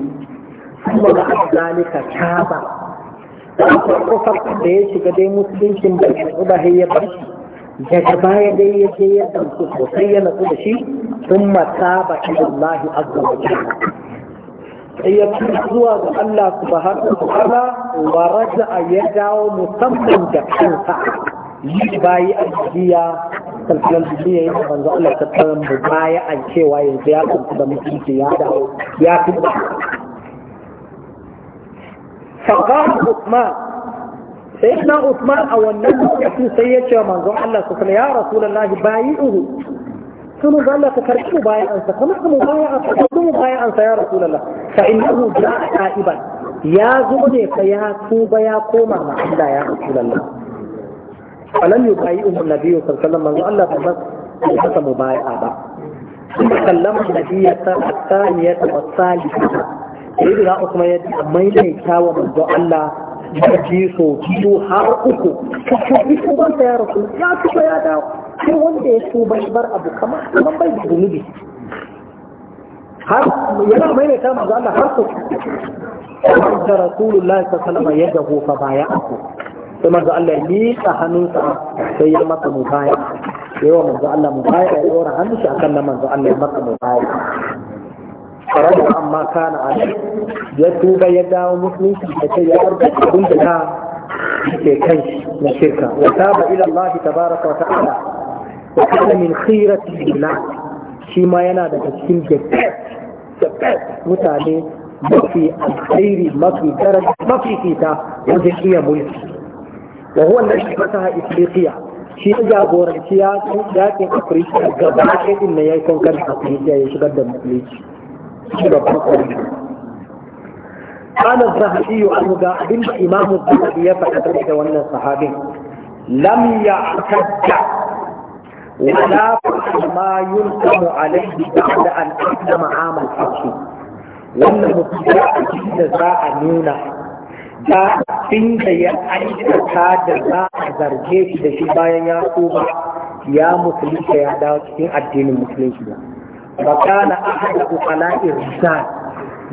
kuma da zalika taba kofar da ya shiga dai musuluncin da ya tsuba ya bashi daga baya dai ya je ya ɗauki sosai ya natsu da shi sun mata ba ilallahi azza wa jalla sai ya fi zuwa ga Allah subhanahu wa ta'ala wa raja'a ya dawo musamman da kansa yi bayi aljiya kalkalar duniya yin da manzo Allah ta tsaron baya an cewa yanzu ya tsanci da mutunci ya dawo ya fi فقال عثمان سيدنا عثمان او النبي يحكي سيدنا منظور الله سبحانه يا رسول الله بايعه ثم قال لك تركه بايع انسى فنحن مبايع انسى يا رسول الله فانه جاء تائبا يا زوني فيا توب يا قوم الله يا رسول الله فلم يبايعه النبي صلى الله عليه وسلم قال الله بس مبايعه بقى سلم النبي الثانية والثالثة sai da Usman ya maimaita wa manzo Allah ji so biyu har uku kafin tubansa ya rasu ya tuba ya dawo sai wanda ya tuba shi bar abu kamar kamar bai da zunubi har yana maimaita manzo Allah har su da Rasulullah sallallahu alaihi wasallam ya dago fa baya uku. sai manzo Allah ya miƙa hannunsa sai ya masa mubaya yawa manzo Allah mubaya ya dora hannunsa akan manzo Allah ya masa mubaya farada amma kana a ya tuba ya dawo musulunci da ce ya arba abin da na ke kan na shirka wa taba ila Allah tabaraka wa ta'ala wa kana min khirati billah shi ma yana daga cikin jabbet mutane mafi alkhairi mafi daraja mafi fita wajen iya mulki wa huwa alladhi fataha ifriqiya shi ya jagoranci yakin afirka gaba ɗaya din ne ya yi konkar afirka ya shigar da musulunci kana zaha iyo a ruga abin da ya fadatar da wannan sahabin lam ya kadda wala ma yin kamo a da wanda an ɗaukar da ma'amar fashe wanda mutum ya fi shi a nuna da fin da ya aikata da za a zarge shi da shi bayan ya tsoba ya musulunta ya dawo cikin addinin musulunci da bakala haɗa ukala irza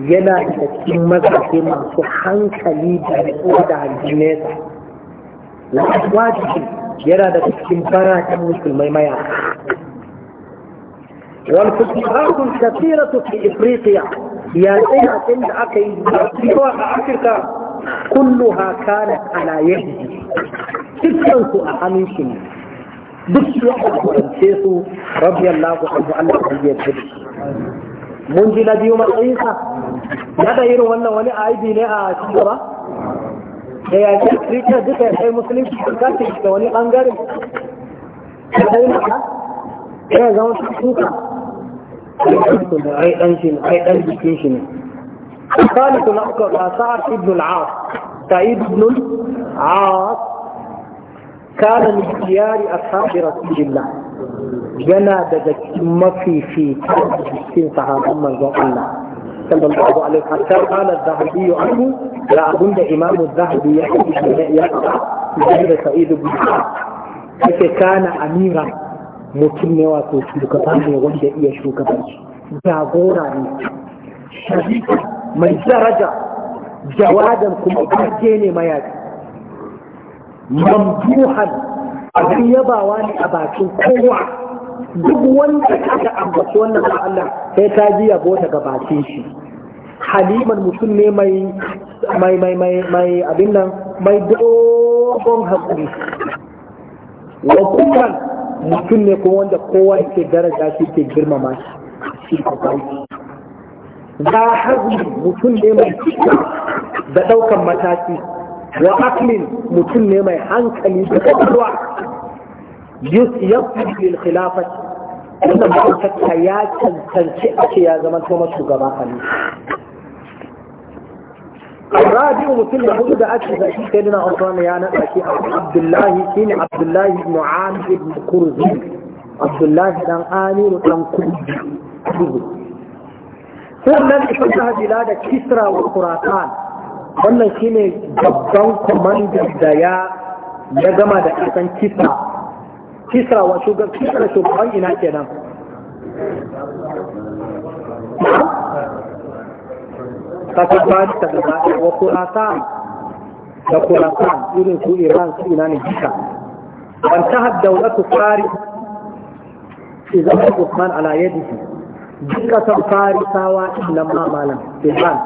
yana da cikin mazaje masu hankali da nutsuwa da hanji nesa cikin yana da cikin ta musulmai maya والفتوحات الكثيرة في إفريقيا يا سيدة عند أكي فتوح أفريقيا كلها كانت على يده تسلط ne. duk su ya kwance su radiyallahu anhu Allah ya yarda da mun ji na biyu matsayinsa na da irin wannan wani aibi ne a cikin da ya ce kirkiya duka ya kai musulunci da kace da wani bangare da kai maka ya zama suka ai dan shi ai dan jikin shi ne ثالث نقطة سعد بن العاص سعيد بن العاص كان من اختيار اصحاب رسول الله جنا دجك ما في في في صحاب ام الله صلى الله عليه وسلم قال الذهبي عنه لا عند امام الذهبي يحكي بن سعيد بن كان اميرا mutum ne wato shugaba ne wanda iya shugaba jagora ne shari'a mai daraja jawadan kuma ƙarfe ne mayaƙi mamduhan abin yabawa ne a bakin kowa duk wanda ta ambaci wannan Allah sai ta ji yabo daga bakin shi haliman mutum ne mai mai mai mai mai abin nan mai dogon hakuri wa kuma mutum ne kuma wanda kowa yake daraja shi ke girmama shi shi hazi mutum ne mai da daukan mataki wa aklin mutum ne mai hankali da kwakwalwa yus ya fi bil khilafat inda ma'aikata ya cancanci a ya zama kuma shugaba a ne rabi mutum da hudu da ake zaki sai dina osman ya na a abdullahi shi abdullahi mu'amir ibn abdullahi dan amiru dan kurzi
sannan ita ta
hajjila da kisra wa wannan shi ne babban kwamandan da ya
gama da kasan Kisra.
Kisra wa shugaban ina kenan
kasabani ta gaba wa
kurasan da kurasan irin su iran su ina ne jika Ban ta haddaula su fari idan usman ala yadihi duk fari farisawa nan ma malam iran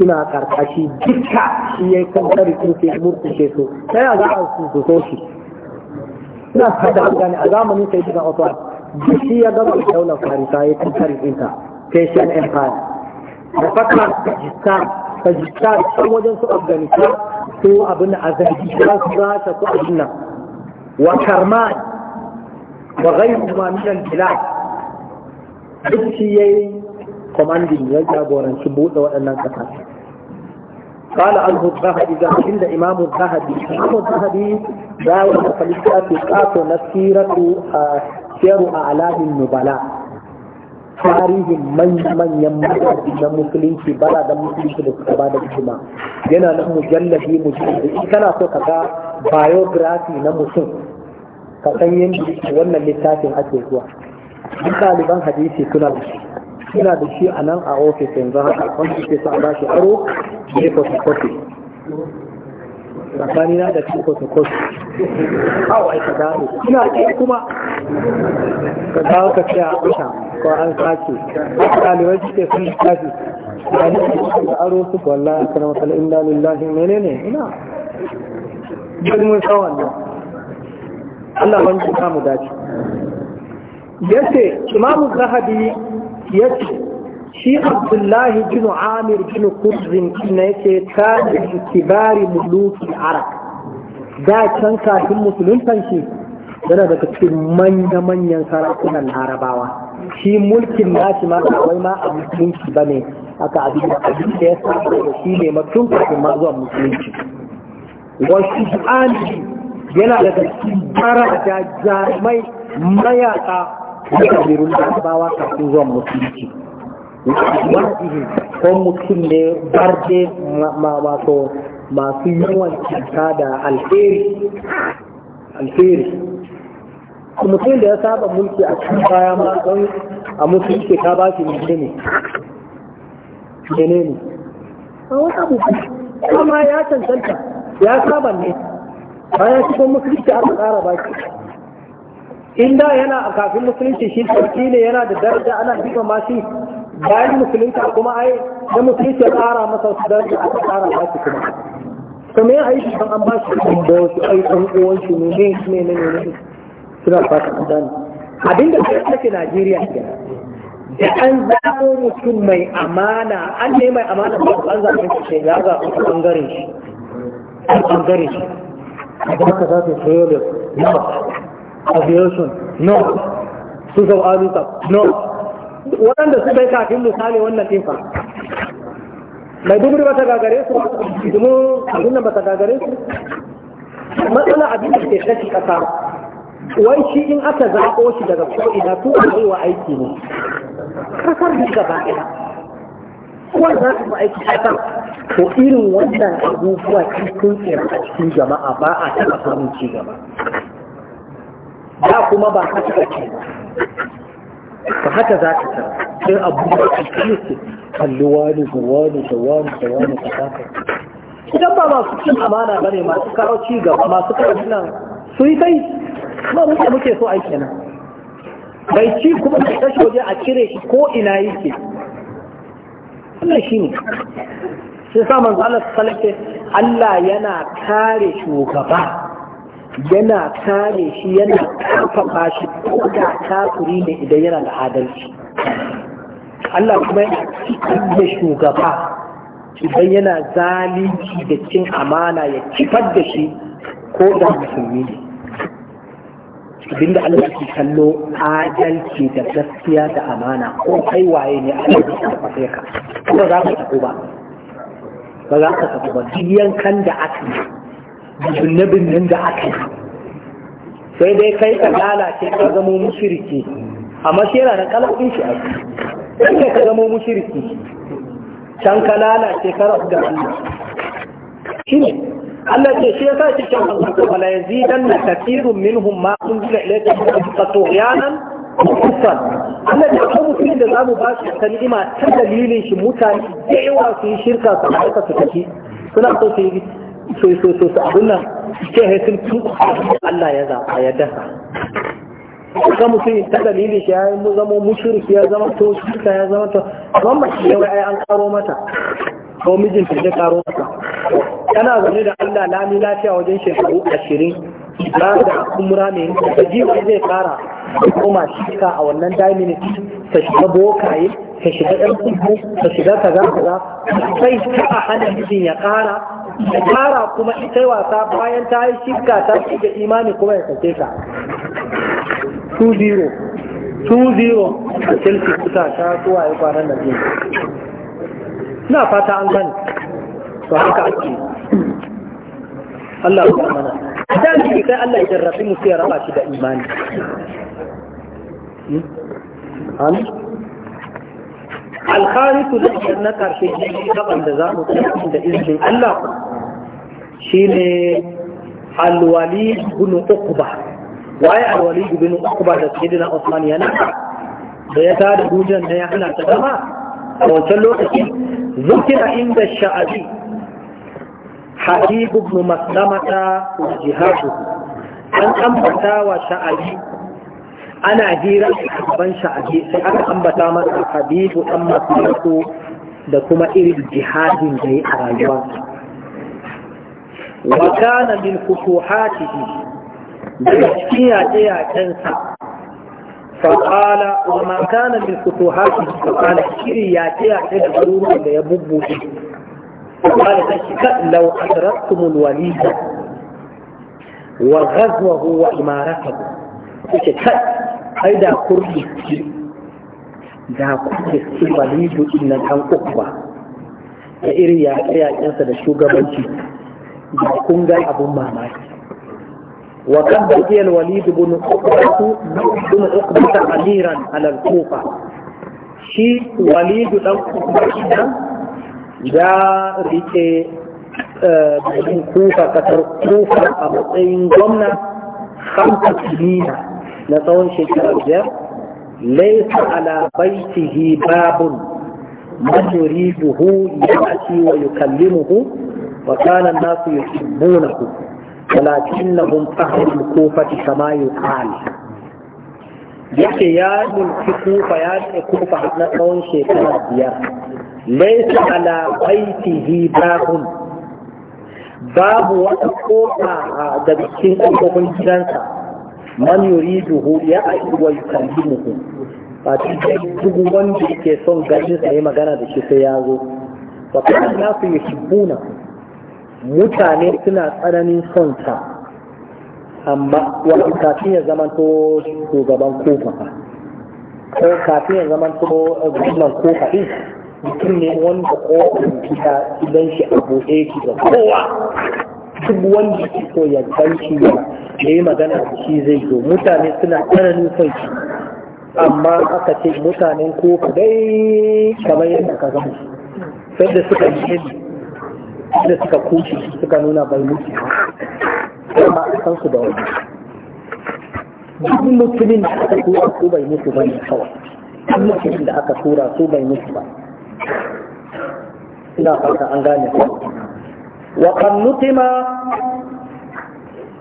suna karkashi duka shi ya yi kankari sun ke ke so. ta yaya za a su su so shi suna fada gane a zamanin sai duka osman duk shi ya gaba da daular farisa ya kankari ɗinta persian empire da fata tajistan tajistan sun wajen su afghanistan su abin azabistan su rasha su abin nan wa karman wa gairu ma min al-bilad duk shi ya yi commanding ya jagoranci buɗe waɗannan ƙasa. Kala an hujja haɗi ga cikin da imamu zahabi, imamu zahabi za a wani falisiya fi na siratu a shiru a alamin nubala. Tarihin manya-manyan mutane na musulunci, bala da musulunci da suka bada hikima. Yana nan mujallabi mujallabi, in kana so ka ga biography na mutum, ka san yadda wannan littafin ake zuwa. Duk ɗaliban hadisi suna da shi. Kina da shi a nan a ofis yanzu haka wanda ke sa ba shi aro ne kwasu tsakani na da cikin photocopy kawai ka gano suna ce kuma ka gano ka ce a kusa ko an sake ɗalibai suke sun tafi a cikin da aro su wallahi kana matsala inda lillahi menene ina jirgin mun sa wannan Allah wani ji mu dace yace imamu zahabi ce shi abdullahi bin amir bin kurzin na yake kanin kibari muluki arab da can kafin musuluntan shi yana daga cikin manya-manyan sarakunan larabawa shi mulkin nashi ma kawai ma a musulunci ba ne aka abin da abin da ya saba da shi ne matun kafin ma zuwa musulunci wasu yana daga cikin da jarumai mayaka na kabilun larabawa kafin zuwa musulunci ko mutum ne barde masu masu yawan cuta da alheri alheri mutum da ya saba mulki a cikin baya ma don a musulunci ta ba shi ne ne ne
a wani abu kuma ya cancanta
ya saba ne bayan cikin musulunci aka tsara ba shi in da yana a kafin musulunci shi sarki ne yana da daraja ana jima ma shi bayan musulunta kuma ai da musulunci ya tsara masa su daraja aka tsara ba shi kuma to me ai shi an ba shi kuma da wasu ai ɗan uwan shi ne ne ne ne ne ne suna fata an gane abinda ke take Najeriya ke da an zaɓo mutum mai amana an ne mai amana ba an zaɓe shi ya zaɓe ɓangaren shi ɓangaren shi a kuma ka zaɓe shi yau da aviation no su zau alusa no waɗanda su bai kafin misali wannan ɗinfa mai dubri ba ta gagare su domin abin nan ba ta gagare su matsala abin da ke shashi ƙasa wai shi in aka zaɓo shi daga ko'ina tu a yi wa aiki ne Ƙasar da gaba ɗaya kuwan za su aiki kasar to irin wannan abubuwa cikin tsira a cikin jama'a ba a taɓa samun ci gaba da kuma ba haka kake ba haka za ka tara sai abu da kake su kalli wani da wani da wani da wani ka haka idan ba masu cin amana ba ne masu kawo ci gaba masu kawo su yi kai Kuma muke muke so aiki nan bai ci kuma da tashi waje a cire shi ko ina yake wannan shi ne sai sa manzo Allah sallallahu alaihi Allah yana kare shugaba yana kare shi yana karfafa shi ko da kafiri ne idan yana da adalci Allah kuma yana cikin da shugaba idan yana zalunci da cin amana ya kifar da shi ko da musulmi ne da Allah ke kallo adalci da gaskiya da amana ko kai waye ne a cikin da ka ba za ka tafi ba ba za ka tafi ba duk yankan da aka yi zunubin nan da aka yi sai dai kai ka lalace ka zamo mushiriki amma shi yana da kalabin shi a kai ka zamo mushiriki can ka lalace ka rafi da Allah shi ne Allah ce shi sa shi can Allah ko la yazidan na katirun minhum ma unzila ilayka min yanan kusan Allah ce ko mutum da mu ba su ta ni'ima ta dalilin shi mutane da yawa su yi shirka su aika su tafi suna so su yi so so so su abin nan ke haisun tun Allah ya zaɓa ya dasa ka mutum ta dalili shi ya yi zama mushirki ya zama to shirka ya zama to amma mace ne wai an karo mata ko mijin ta je karo mata tana zaune da Allah lami lafiya wajen shekaru ashirin Na da umra ne da jiwa zai fara kuma shirka a wannan daimini ta shiga bokaye ka shiga ɗan kudu ka shiga kaza kaza sai ta a hana mijin ya kara fara kuma ita wasa bayan ta yi shirka ta fi da imani kuma ya sauke ka
2-0
da chelsea kusa ta zuwa ya kwanan da biyu na fata an gani to haka ake Allah ya mana da shi kai Allah ya jarrafi musu ya raba shi da imani hmm? alkharisu da ke na karshe shi gaban da za mu tafi da izinin Allah shine alwali bin uqba waye alwali bin uqba da sayyidina Usman yana da ya tada dujan da ya hana ta dama a wancan lokaci zukira inda sha'abi habib ibn maslamata wa jihadu an ambata wa sha'abi ana jira a gaban sha'abi sai aka ambata masa habibu dan masu da kuma irin jihadin da ya a rayuwarsa wa kana min futuhatihi da kiya tsaya kansa fa qala wa ma kana min futuhatihi fa qala shiri ya tsaya da garuruwan da ya bubbuɗe qala ta shi kan law adraktum alwalida wa ghazwahu wa imaratahu kace kai ai da kurdi da kurdi su balidu inna kan ukba da irin yaƙe-yaƙensa da shugabanci da kun ga abun mamaki wa kan bakiyar walidu bin ukbatu bin ukbata amiran alal kufa shi walidu dan ukbata ya rike eh, kufa kasar kufa a matsayin gwamna hamsa sinina na tsawon shekara biyar laisa ala baitihi babun buhu ya ake wa yukallimuhu wa kana an-nasu yuhibbunahu walakinnahum kofa kufati kama yuqal yake ya mulki kufa ya ce kufa na tsawon shekara biyar laisa ala baitihi babun babu wata kofa ah, daga cikin kofofin gidansa man yuriduhu ya aidu wa yukallimuhu ba ta duk wanda yake son ganin sa yi magana da shi sai ya zo wa kana nasu yuhibbuna mutane suna tsananin son sa amma wani kafin ya zama to shugaban kofa ko kafin ya zama to eh, gwamnan kofa din mutum ne wanda kofin gida idan shi abu buɗe ki ga kowa duk wanda ke so ya gan shi ya ya yi magana shi zai zo mutane suna tsananin nufin shi amma aka ce mutanen ko dai kamar yadda ka gama sai da suka yi da suka kushe suka nuna bai mutu amma a san su da wani duk mutumin da aka tura su bai mutu ba ne kawai duk mutumin da aka tura su bai mutu ba ina fata an gane wa kan mutima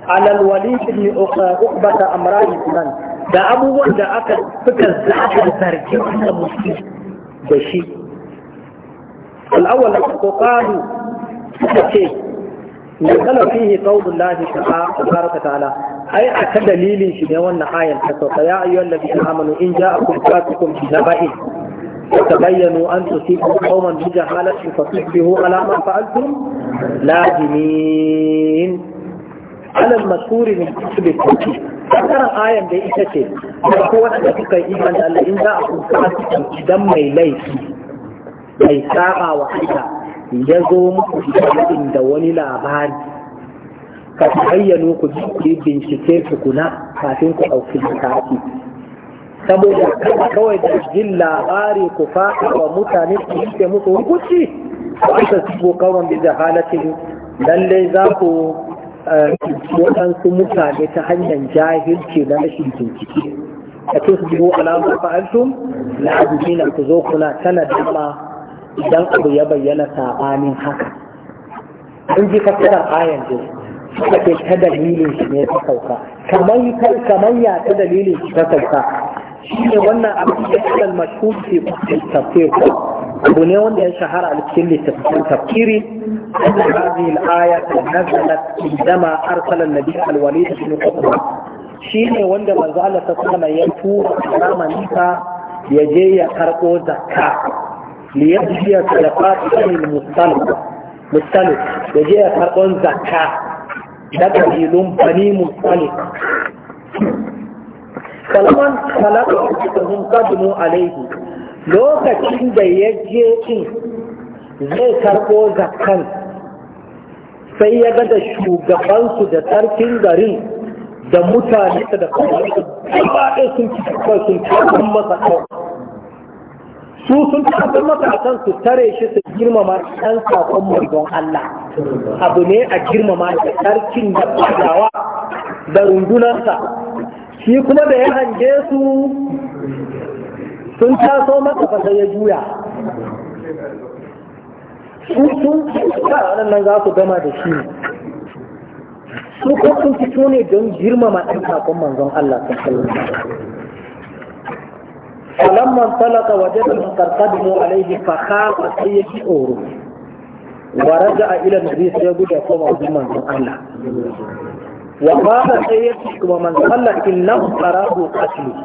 على الوليد بن عقبة أمراه فلان دا أبو دا أكل فكر دا أكل تاركي وحنا مسلم بشي الأول فقالوا فكي نقل فيه قول الله تبارك وتعالى أي أكد دليل شبيوان نحايا فتوقع يا أيها الذين آمنوا إن جاءكم فاتكم في نبأ فتبينوا أن تصيبوا قوما بجهالة فتصبحوا على ما فعلتم لازمين alal masuri min kutubi kutubi karan ayan da ita ce da ko wanda suka yi iman Allah in za a kuka idan mai laifi mai saba wa Allah ya zo muku idan da wani labari ka bayyano ku ji bincike ku kafin ku ɗauki mataki saboda kawai da jin labari ku faɗa wa mutane ku yi musu hukunci ba ta ko kawon da jahalatin lallai za ku waɗansu mutane ta hanyar jahilci na rashin bincike a ce su biyu na abubuwa na ku zo kuna tana dama idan abu ya bayyana sabanin haka in ji fasarar ayan dai suka ce ta dalilin shi ne ta sauka kamar ya ta dalilin shi ta sauka shi ne wannan abu da ya kalmar shi ke abu ne wanda ya shahara a cikin littattafan أن هذه الآية نزلت عندما أرسل النبي الوليد بن قطب شيء وند ما زال تسلم ينفو أمام نيسا يجي يقرقو زكاة ليجزي صدقات أهل المستلف مستلف يجي يقرقو زكاة daga ilun bani mustalik salman salatu hun qadmu lokacin da ya je in zai karɓo zakan sai ya ga da shugabansu da tsarkin garin da mutane da kawai sun ci sun masa su sun tabbatar masa kan su tare shi su girmama ɗan sakon manzon Allah abu ne a girmama da sarkin da fadawa da rundunarsa shi kuma da ya hange su sun taso masa fasa ya juya su sun nan za su gama da shi su ko sun fito ne don girmama ɗan sakon manzon Allah sallallahu فلما انطلق وجده قد عليه فخاف سيد شعوره ورجع الى النبي سيقول يقوم عظيم من الله وقال سيد ومن صلى انه تراه قتله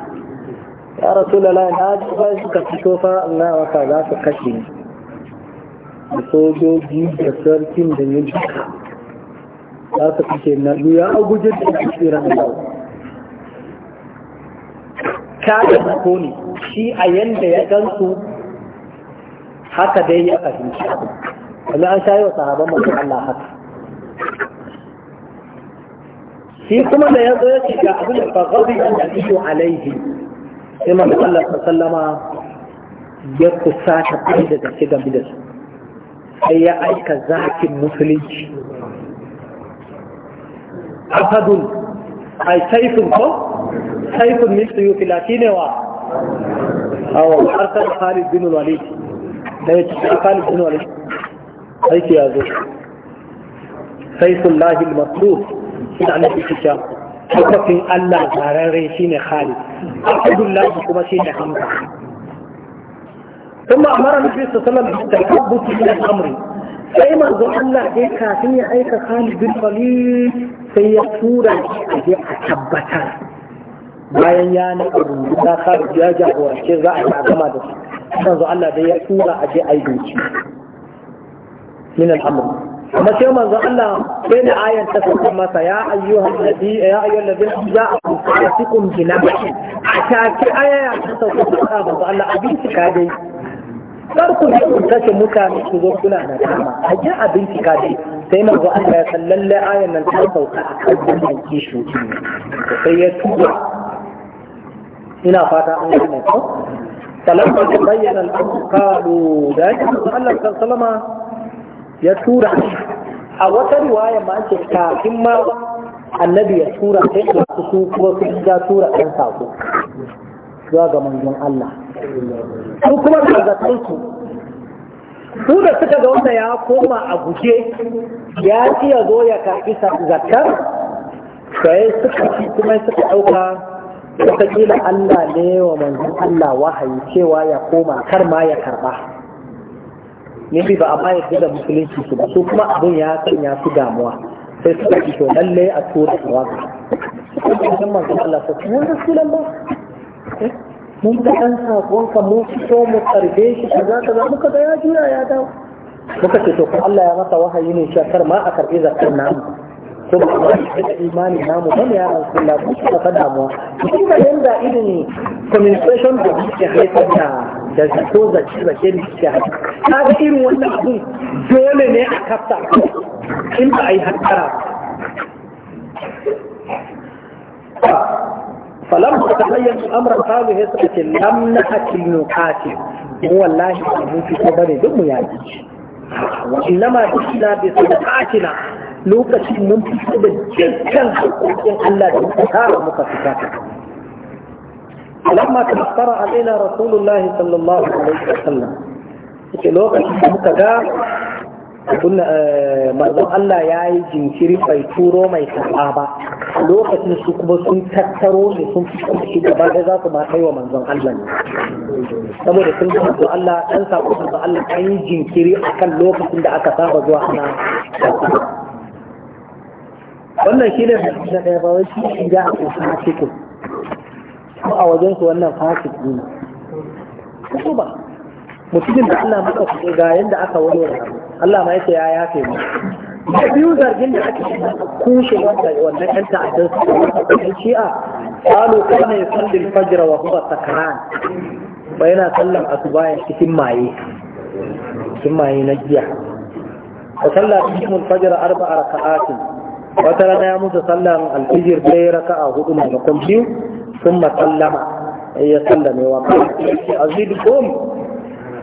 ya rasu da lai na ji ba suka fito fa Allah wata za su kashe ni da sojoji da sarkin da ya ji za su kashe na a aguje da ya tsira da yau kada na kone shi a yanda ya gansu haka dai ya fahimci abu wani an shayi wa sahaban masu Allah haka shi kuma da ya zo ya ce ga abin da fa gabi da ya alaihi sai manzo Allah sallama ya kusa ta kai da gaske game da su sai ya aika zakin musulunci asadun ai saifin ko saifin min suyufi ne wa awon harkar Khalid bin Walid da ya ci Khalid bin Walid aiki ya zo saifin lahil masu suna na ikisha tabbafin Allah zararre shine Khalid Abdullahi kuma shine Hamza kuma amara Nabi sallallahu alaihi wasallam da tabbut min amri sai manzo Allah dai kafin ya aika Khalid bin Walid sai ya tura shi a je a tabbatar bayan ya na rubuta Khalid ya jagorance za a yi gama da shi manzo Allah dai ya tura a je a yi bincike min al-amri amma sai manzon Allah sai da ayan ta sauka masa ya ayyuhan nabi ya ayyuhan nabi ya asikum binabi a take aya ta sauka masa manzon Allah abinci ka dai kar ku ji kun kashe mutane ku zo kuna da kama a ji abinci ka dai sai manzon Allah ya san lalle ayan nan ta sauka a kan wannan kishu sai ya tuba ina fata an gane ko فلما تبين الامر قالوا ذلك الله صلى الله عليه وسلم ya tura a wata riwaya ma ce kafin ma annabi ya tura sai da su su kuma su ja tura ɗan sako zuwa ga manzon Allah su kuma ga su su da suka ga wanda ya koma a guje ya ci ya zo ya karɓi zakar sai suka ci kuma suka ɗauka wataƙila Allah ne wa manzon Allah wahayi cewa ya koma kar ma ya karɓa ne ba a ma yadda da musulunci su ba su kuma abin ya sanya su damuwa sai suka ci to lallai a tura su Kuma sun manzon Allah ta ce wanda su lalla eh, mun ga ɗan saƙonka mun fito mu karbe shi kaza kaza muka ga ya juya ya dawo muka ce to ko Allah ya masa wahayi ne kar ma a karɓi zakar namu ko ba ma shi da imani namu ba ne ya rasulullah ko ka damuwa kuma yanda irin communication da yake haifar da da zato zace zace ne suke haɗu ta ga irin wannan abun dole ne a kafta in ba a yi hankara falam ba ta hanyar amran kalu ya suka ce lam na hakil nukati mu wallahi ba mun fito ba ne duk mu ya yaji wa innama bisna bi sadaqatina lokacin mun fito da dukkan hakokin Allah da muka fita lamma tafakkara alaina rasulullahi sallallahu alaihi wasallam lokacin da ga manzon Allah ya yi jinkiri bai turo mai karɓa ba lokacin su kuma sun tattaro sun fi shi gaba da za su ma kai wa manzon Allah ne saboda sun ga manzon Allah dan sako Allah an yi jinkiri akan lokacin da aka saba zuwa ana wannan shi ne na ɗaya ba wai shi ga a kusa cikin ko a wajen su wannan fasik ne ko ba mutumin da Allah maka kuɗi ga yanda aka wani Allah ma yake ya yafe mu da biyu zargin da ake kushe wannan ɗan a su da shi'a qalu kana yusalli al-fajr wa huwa sakran ba yana sallan asuba ya cikin maye cikin maye na jiya wa sallatu al-fajr arba'a raka'atin wata rana ya musu sallan alfijir raka a hudu maimakon biyu sun masallama ya sallame wa kom?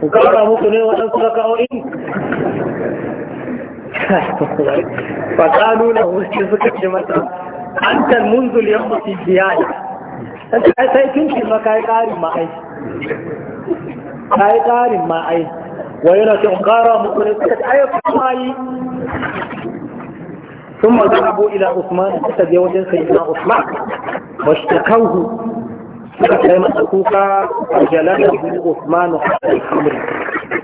in kara muku ne waɗansu raka'o'in fasalu nuna wuce suka ce mata an tal munzul ya fi biyaye sai kin ce ma kai ƙarin ma ma'ai kai ƙarin ma'ai wa yana ce in kara muku ne suka ce ayyukan ma'ai ثم ذهبوا إلى عثمان تتجاوز سيدنا عثمان واشتكوه كما تقوك فجلده عثمان حتى الخمر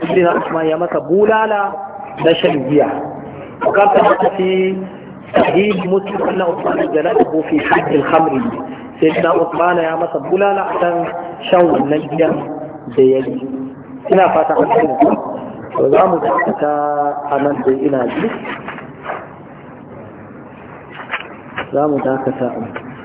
سيدنا عثمان يا متى بولالا دشن جيا وقال في صحيح مسلم أن عثمان جلده في حد الخمر سيدنا عثمان يا متى بولالا حتى شو النجيا بيدي ina fata an sani to za mu ta a nan da ina ji الإسلام وذاك تأمر